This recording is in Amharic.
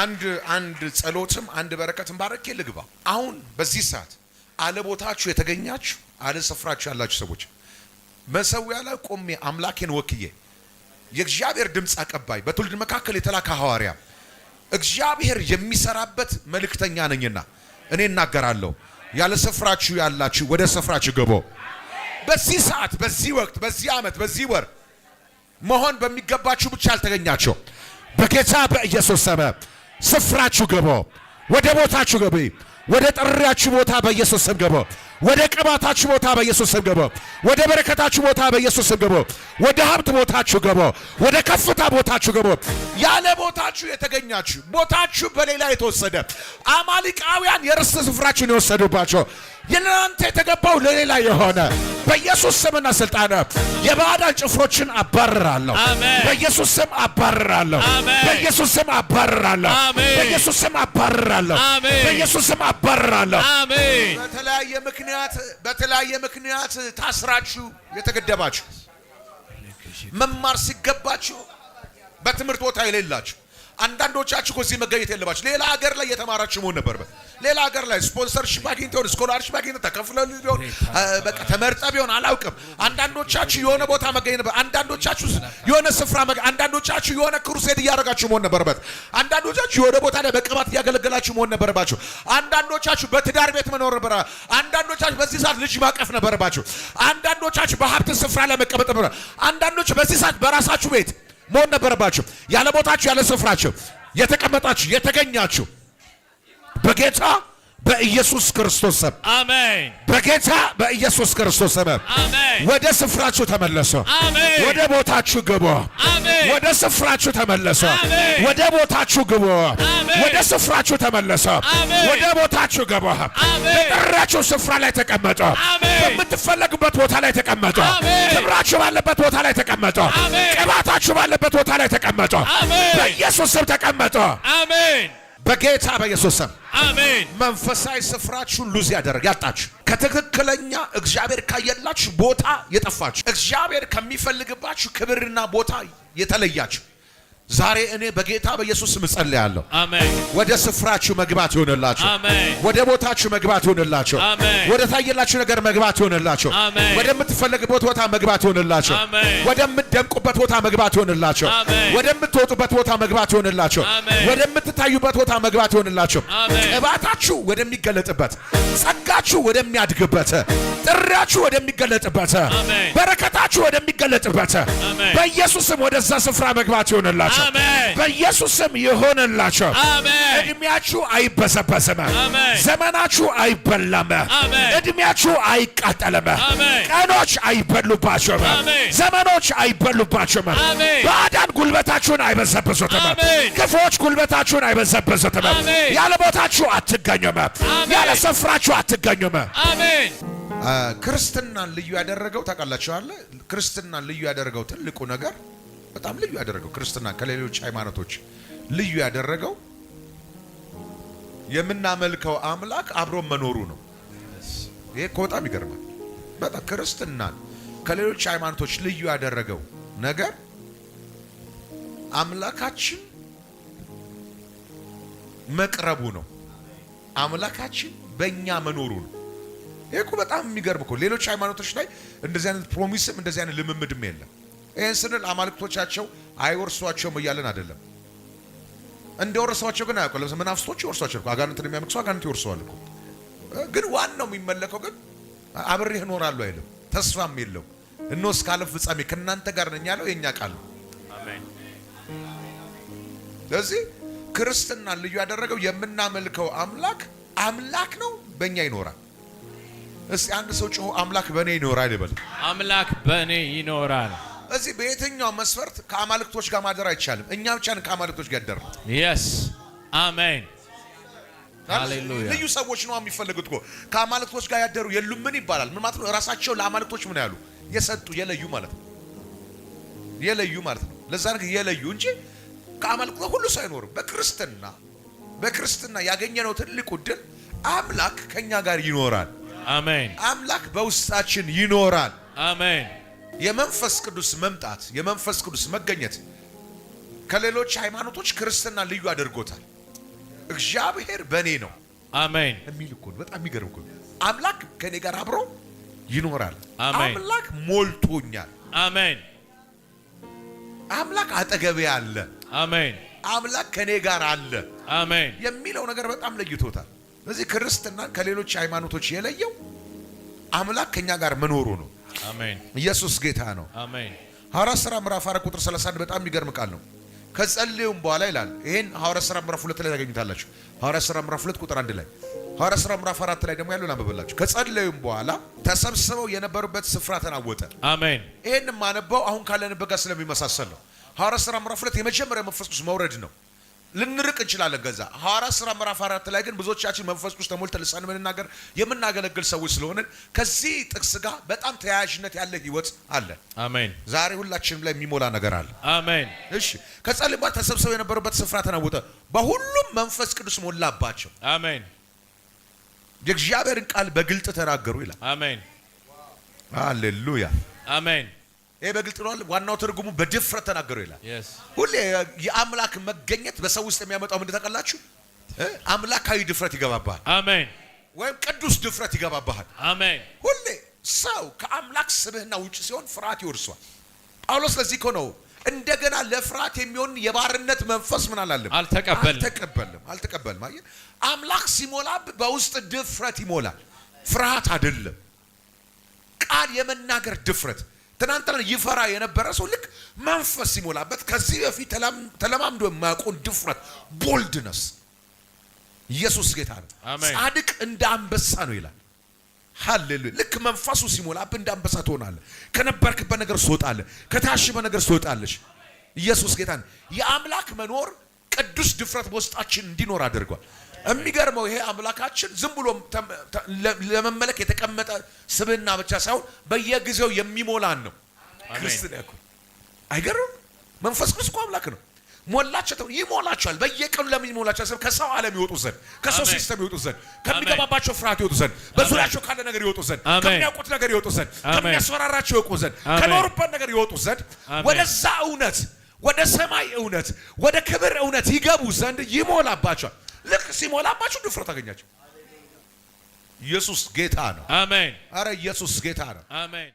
አንድ አንድ ጸሎትም አንድ በረከትም ባረኬ ልግባ። አሁን በዚህ ሰዓት አለ ቦታችሁ የተገኛችሁ አለ ስፍራችሁ ያላችሁ ሰዎች መሰዊያ ላይ ቆሜ አምላኬን ወክዬ የእግዚአብሔር ድምፅ አቀባይ በትውልድ መካከል የተላከ ሐዋርያ እግዚአብሔር የሚሰራበት መልእክተኛ ነኝና እኔ እናገራለሁ። ያለ ስፍራችሁ ያላችሁ ወደ ስፍራችሁ ግቡ። በዚህ ሰዓት፣ በዚህ ወቅት፣ በዚህ ዓመት፣ በዚህ ወር መሆን በሚገባችሁ ብቻ አልተገኛቸው በጌታ በኢየሱስ ሰበብ ስፍራችሁ ግቡ። ወደ ቦታችሁ ግቡ። ወደ ጥሪያችሁ ቦታ በኢየሱስ ስም ግቡ። ወደ ቅባታችሁ ቦታ በኢየሱስ ስም ግቡ። ወደ በረከታችሁ ቦታ በኢየሱስ ስም ግቡ። ወደ ሀብት ቦታችሁ ግቡ። ወደ ከፍታ ቦታችሁ ግቡ። ያለ ቦታችሁ የተገኛችሁ ቦታችሁ በሌላ የተወሰደ አማሊቃውያን የርስ ስፍራችሁን የወሰዱባቸው ለአንተ የተገባው ለሌላ የሆነ በኢየሱስ ስምና ስልጣን የባዕዳን ጭፍሮችን አባርራለሁ። በኢየሱስ ስም አባርራለሁ። በኢየሱስ ስም አባርራለሁ። በኢየሱስ ስም አባርራለሁ። በኢየሱስ ስም አባርራለሁ። በተለያየ ምክንያት በተለያየ ምክንያት ታስራችሁ የተገደባችሁ መማር ሲገባችሁ በትምህርት ቦታ የሌላችሁ አንዳንዶቻችሁ እዚህ መገኘት የለባችሁ ሌላ ሀገር ላይ የተማራችሁ መሆን ነበርበት ሌላ ሀገር ላይ ስፖንሰርሺፕ አግኝተው ሆን ስኮላርሺፕ አግኝተው ተከፍለው ሊሆን በቃ ተመርጠ ቢሆን አላውቅም። አንዳንዶቻችሁ የሆነ ቦታ መገኘት፣ አንዳንዶቻችሁ የሆነ ስፍራ መገኘት፣ አንዳንዶቻችሁ የሆነ ክሩሴድ እያደረጋችሁ መሆን ነበረበት። አንዳንዶቻችሁ የሆነ ቦታ ላይ በቅባት እያገለገላችሁ መሆን ነበረባችሁ። አንዳንዶቻችሁ በትዳር ቤት መኖር ነበረ። አንዳንዶቻችሁ በዚህ ሰዓት ልጅ ማቀፍ ነበረባችሁ። አንዳንዶቻችሁ በሀብት ስፍራ ላይ መቀመጥ ነበረ። አንዳንዶች በዚህ ሰዓት በራሳችሁ ቤት መሆን ነበረባችሁ። ያለ ቦታችሁ ያለ ስፍራችሁ የተቀመጣችሁ የተገኛችሁ በጌታ በኢየሱስ ክርስቶስ ስም አሜን። በጌታ በኢየሱስ ክርስቶስ ስም አሜን። ወደ ስፍራችሁ ተመለሱ። አሜን። ወደ ቦታችሁ ግቡ። አሜን። ወደ ስፍራችሁ ተመለሱ። አሜን። ወደ ቦታችሁ ግቡ። አሜን። ወደ ስፍራችሁ ተመለሱ። አሜን። ወደ ቦታችሁ ግቡ። አሜን። በጠራችሁ ስፍራ ላይ ተቀመጡ። አሜን። በምትፈለግበት ቦታ ላይ ተቀመጡ። አሜን። ክብራችሁ ባለበት ቦታ ላይ ተቀመጡ። አሜን። ቅባታችሁ ባለበት ቦታ ላይ ተቀመጡ። አሜን። በኢየሱስ ስም ተቀመጡ። አሜን። በጌታ በኢየሱስ ስም አሜን። መንፈሳዊ ስፍራችሁን ሉዝ ያደረግ ያጣችሁ ከትክክለኛ እግዚአብሔር ካየላችሁ ቦታ የጠፋችሁ እግዚአብሔር ከሚፈልግባችሁ ክብርና ቦታ የተለያችሁ ዛሬ እኔ በጌታ በኢየሱስ ስም ጸልያለሁ። አሜን። ወደ ስፍራችሁ መግባት ይሆንላችሁ። አሜን። ወደ ቦታችሁ መግባት ይሆንላችሁ። አሜን። ወደ ታየላችሁ ነገር መግባት ይሆንላችሁ። አሜን። ወደምትፈለግበት ቦታ መግባት ይሆንላችሁ። አሜን። ወደምትደምቁበት ቦታ መግባት ይሆንላችሁ። አሜን። ወደምትወጡበት ቦታ መግባት ይሆንላችሁ። አሜን። ወደምትታዩበት ቦታ መግባት ይሆንላችሁ። ቅባታችሁ ወደሚገለጥበት፣ ጸጋችሁ ወደሚያድግበት ጥሪያችሁ ወደሚገለጥበት፣ በረከታችሁ ወደሚገለጥበት በኢየሱስም ወደዛ ስፍራ መግባት ይሆንላቸው። በኢየሱስም ይሆንላቸው። እድሜያችሁ አይበሰበስም። ዘመናችሁ አይበላም። እድሜያችሁ አይቃጠልም። ቀኖች አይበሉባቸውም። ዘመኖች አይበሉባቸውም። ባዕዳን ጉልበታችሁን አይበዘብዙትም። ክፉዎች ጉልበታችሁን አይበዘብዙትም። ያለ ቦታችሁ አትገኙም። ያለ ስፍራችሁ አትገኙም። አሜን። ክርስትናን ልዩ ያደረገው ታውቃላችኋል። ክርስትናን ልዩ ያደረገው ትልቁ ነገር በጣም ልዩ ያደረገው ክርስትናን ከሌሎች ሃይማኖቶች ልዩ ያደረገው የምናመልከው አምላክ አብሮ መኖሩ ነው። ይሄ እኮ በጣም ይገርማል። በጣም ክርስትናን ከሌሎች ሃይማኖቶች ልዩ ያደረገው ነገር አምላካችን መቅረቡ ነው። አምላካችን በእኛ መኖሩ ነው። ይሄ እኮ በጣም የሚገርም እኮ ሌሎች ሃይማኖቶች ላይ እንደዚህ አይነት ፕሮሚስም እንደዚህ አይነት ልምምድም የለም። ይህን ስንል አማልክቶቻቸው አይወርሷቸውም እያለን አይደለም። እንደወረሰዋቸው ግን አያውቁ። ለምሳ መናፍስቶች ይወርሷቸው፣ አጋንንትን የሚያመልክ ሰው አጋንንት ይወርሰዋል እኮ። ግን ዋናው የሚመለከው ግን አብሬህ እኖራለሁ አይልም። ተስፋም የለው እኖ እስካለፍ ፍጻሜ ከእናንተ ጋር ነኝ ያለው የእኛ ቃል ነው። ስለዚህ ክርስትናን ልዩ ያደረገው የምናመልከው አምላክ አምላክ ነው፣ በእኛ ይኖራል። እስቲ አንድ ሰው ጮሆ አምላክ በእኔ ይኖራል ይበል። አምላክ በእኔ ይኖራል። እዚህ በየትኛው መስፈርት ከአማልክቶች ጋር ማደር አይቻልም። እኛ ብቻ ነን ከአማልክቶች ጋር ደር ነው። የስ አሜን፣ ሃሌሉያ። ልዩ ሰዎች ነው የሚፈልጉት እኮ ከአማልክቶች ጋር ያደሩ የሉም። ምን ይባላል? ምን ማለት ነው? ራሳቸው ለአማልክቶች ምን ያሉ የሰጡ የለዩ ማለት ነው። የለዩ ማለት ነው። ለዛ ነገር የለዩ እንጂ ከአማልክቶ ሁሉ ሰው አይኖርም። በክርስትና በክርስትና ያገኘነው ትልቁ ድል አምላክ ከኛ ጋር ይኖራል አሜን። አምላክ በውስጣችን ይኖራል። አሜን። የመንፈስ ቅዱስ መምጣት የመንፈስ ቅዱስ መገኘት ከሌሎች ሃይማኖቶች ክርስትና ልዩ አድርጎታል። እግዚአብሔር በእኔ ነው አሜን የሚል እኮ በጣም የሚገርም እኮ አምላክ ከእኔ ጋር አብሮ ይኖራል። አምላክ ሞልቶኛል። አሜን። አምላክ አጠገቤ አለ። አሜን። አምላክ ከእኔ ጋር አለ። አሜን የሚለው ነገር በጣም ለይቶታል። ስለዚህ ክርስትና ከሌሎች ሃይማኖቶች የለየው አምላክ ከኛ ጋር መኖሩ ነው። አሜን። ኢየሱስ ጌታ ነው። አሜን። ሐዋርያት ሥራ ምዕራፍ 4 ቁጥር 31 በጣም የሚገርም ቃል ነው። ከጸለዩም በኋላ ይላል። ይሄን ሐዋርያት ሥራ ምዕራፍ 2 ላይ ታገኙታላችሁ። ሐዋርያት ሥራ ምዕራፍ 2 ቁጥር 1 ላይ ሐዋርያት ሥራ ምዕራፍ 4 ላይ ደግሞ ያለውን አንብበላችሁ። ከጸለዩም በኋላ ተሰብስበው የነበሩበት ስፍራ ተናወጠ። አሜን። ይሄን ማነበው አሁን ካለንበት ጋር ስለሚመሳሰል ነው። ሐዋርያት ሥራ ምዕራፍ 2 የመጀመሪያ መንፈስ ቅዱስ መውረድ ነው። ልንርቅ እንችላለን። ገዛ ሐዋርያት ስራ ምዕራፍ አራት ላይ ግን ብዙዎቻችን መንፈስ ቅዱስ ተሞልተን ልሳን የምንናገር የምናገለግል ሰዎች ስለሆንን ከዚህ ጥቅስ ጋር በጣም ተያያዥነት ያለ ህይወት አለ። አሜን። ዛሬ ሁላችንም ላይ የሚሞላ ነገር አለ። አሜን። እሺ፣ ከጸል ጋር ተሰብስበው የነበሩበት ስፍራ ተናወጠ፣ በሁሉም መንፈስ ቅዱስ ሞላባቸው። አሜን። የእግዚአብሔርን ቃል በግልጥ ተናገሩ ይላል። አሜን። አሌሉያ። አሜን። ይሄ በግልጽ ነው። ዋናው ትርጉሙ በድፍረት ተናገሩ ይላል። ሁሌ የአምላክ መገኘት በሰው ውስጥ የሚያመጣው ምንድን ታውቃላችሁ? አምላካዊ ድፍረት ይገባባሃል። አሜን። ወይም ቅዱስ ድፍረት ይገባባል። አሜን። ሁሌ ሰው ከአምላክ ስብህና ውጭ ሲሆን ፍርሃት ይወርሷል። ጳውሎስ ለዚህ እኮ ነው እንደገና ለፍርሃት የሚሆን የባርነት መንፈስ ምን አላለም? አልተቀበልም፣ አልተቀበልም፣ አየህ አምላክ ሲሞላብ በውስጥ ድፍረት ይሞላል። ፍርሃት አይደለም፣ ቃል የመናገር ድፍረት ትናንትና ይፈራ የነበረ ሰው ልክ መንፈስ ሲሞላበት ከዚህ በፊት ተለማምዶ የማያውቁን ድፍረት ቦልድነስ። ኢየሱስ ጌታ ነው። ጻድቅ እንደ አንበሳ ነው ይላል። ሃሌሉያ! ልክ መንፈሱ ሲሞላብህ እንደ አንበሳ ትሆናለህ። ከነበርክበት ነገር ትወጣለህ። ከታሽበት ነገር ትወጣለሽ። ኢየሱስ ጌታ ነው። የአምላክ መኖር ቅዱስ ድፍረት በውስጣችን እንዲኖር አድርጓል። የሚገርመው ይሄ አምላካችን ዝም ብሎ ለመመለክ የተቀመጠ ስብዕና ብቻ ሳይሆን በየጊዜው የሚሞላን ነው። ክርስትና አይገርም? መንፈስ ቅዱስ እኮ አምላክ ነው። ሞላቸው ይሞላቸዋል። በየቀኑ ለምን ይሞላቸዋል? ስለ ከሰው ዓለም ይወጡ ዘንድ፣ ከሰው ሲስተም ይወጡ ዘንድ፣ ከሚገባባቸው ፍርሃት ይወጡ ዘንድ፣ በዙሪያቸው ካለ ነገር ይወጡ ዘንድ፣ ከሚያውቁት ነገር ይወጡ ዘንድ፣ ከሚያስፈራራቸው ይወጡ ዘንድ፣ ከኖሩበት ነገር ይወጡ ዘንድ ወደዛ እውነት ወደ ሰማይ እውነት ወደ ክብር እውነት ይገቡ ዘንድ ይሞላባቸዋል። ልክ ሲሞላባችሁ ድፍረት ታገኛችሁ። ኢየሱስ ጌታ ነው። አሜን። አረ ኢየሱስ ጌታ ነው። አሜን።